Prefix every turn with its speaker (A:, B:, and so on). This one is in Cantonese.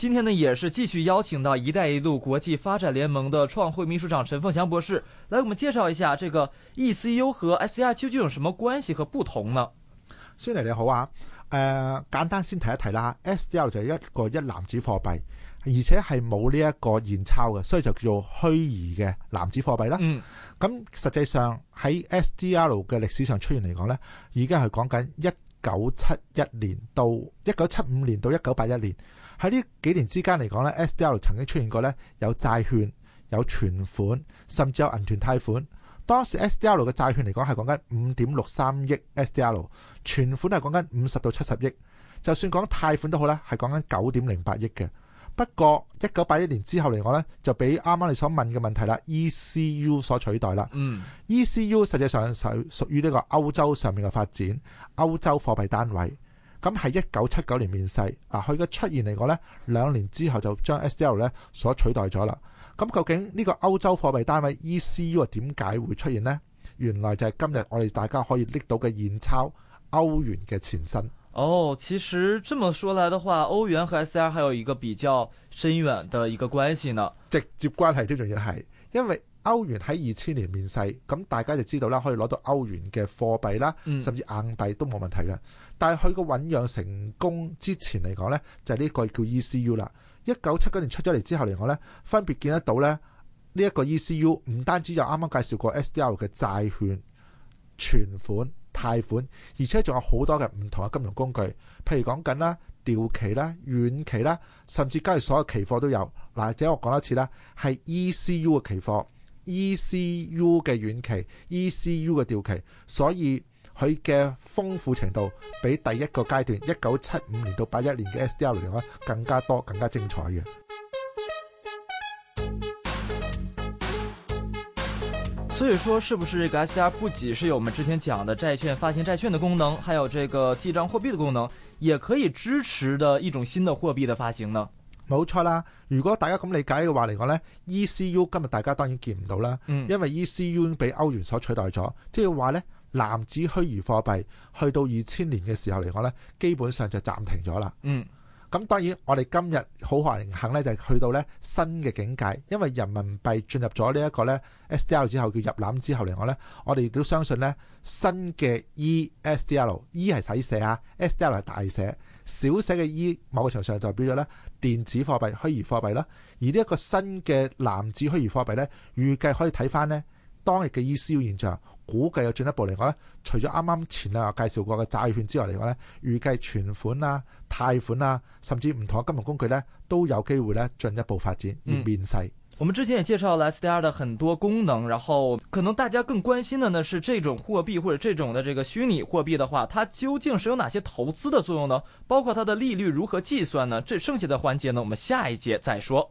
A: 今天呢也是繼續邀請到一帶一路國際發展聯盟的創會秘書長陳鳳翔博士，來我
B: 們介紹一下這個 ECU 和 SDR 究竟有什麼關係和不同呢 Sir 你好啊，誒、呃，簡單先提一提啦 SDR 就係一個一籃子貨幣，而且係冇呢一個現鈔嘅，所以就叫做虛擬嘅籃子貨幣啦。嗯，咁實際上喺 SDR 嘅歷史上出現嚟講呢，而家係講緊一。九七一年到一九七五年到一九八一年，喺呢幾年之間嚟講呢 SDR 曾經出現過呢有債券、有存款，甚至有銀團貸款。當時 SDR 嘅債券嚟講係講緊五點六三億 SDR，存款係講緊五十到七十億，就算講貸款都好咧，係講緊九點零八億嘅。不過一九八一年之後嚟講呢就比啱啱你所問嘅問題啦，ECU 所取代啦。嗯，ECU 實際上屬屬於呢個歐洲上面嘅發展，歐洲貨幣單位。咁喺一九七九年面世，啊佢嘅出現嚟講呢兩年之後就將 eSDR 咧所取代咗啦。咁究竟呢個歐洲貨幣單位 ECU 點解會出現呢？原來就係今日我哋大家可以拎到嘅現鈔——歐元嘅前身。
A: 哦，其實這麼說來的話，歐元和 SDR 還有一個比較
B: 深遠的一個關係呢。直接關係最重要係，因為歐元喺二千年面世，咁大家就知道啦，可以攞到歐元嘅貨幣啦，甚至硬幣都冇問題嘅，嗯。但係佢個醞釀成功之前嚟講呢，就呢、係、個叫 ECU 啦。一九七九年出咗嚟之後嚟講呢，分別見得到呢，呢一個 ECU，唔單止有啱啱介紹過 SDR 嘅債券存款貸款，而且仲有好多嘅唔同嘅金融工具，譬如講緊啦，調期啦、遠期啦，甚至乎所有期貨都有。嗱，或者我講一次啦，係 ECU 嘅期貨，ECU 嘅遠期，ECU 嘅調期，所以佢嘅豐富程度比第一個階段一九七五年到八一年嘅 SDR 嚟講更加多、更加精彩嘅。
A: 所以說，是不是這個 SDR 不僅是有我們之前講的債券發行債券的功能，還有這個
B: 記賬貨幣的功能，也可以支持的一種新的貨幣的發行呢？冇錯啦，如果大家咁理解嘅話嚟講呢，ECU 今日大家當然見唔到啦，嗯，因為 ECU 已經被歐元所取代咗，即係話呢，籃子虛擬貨幣去到二千年嘅時候嚟講呢，基本上就暫停咗啦，嗯。咁當然，我哋今日好開靈行咧，就係、是、去到咧新嘅境界，因為人民幣進入咗呢一個咧 SDR 之後叫入籃之後嚟講咧，我哋亦都相信咧新嘅 eSDR，e 係小寫啊 SDR 係大寫，小寫嘅 e 某個場上代表咗咧電子貨幣虛擬貨幣啦。而呢一個新嘅籃子虛擬貨幣咧，預計可以睇翻呢當日嘅 ECU 現象。估計有進一步嚟講咧，除咗啱啱前兩日介紹過嘅債券之外嚟講咧，預計存款啊、貸款啊，甚至唔同嘅金融工具咧，都有機會咧進一步發展而面世。
A: 我們之前也介紹啦 SDR 的很多功能，然後可能大家更關心的呢是這種貨幣或者這種的這個虛擬貨幣的話，它究竟是有哪些投資的作用呢？包括它的利率如何計算呢？這剩下的環節呢，我們下一節再說。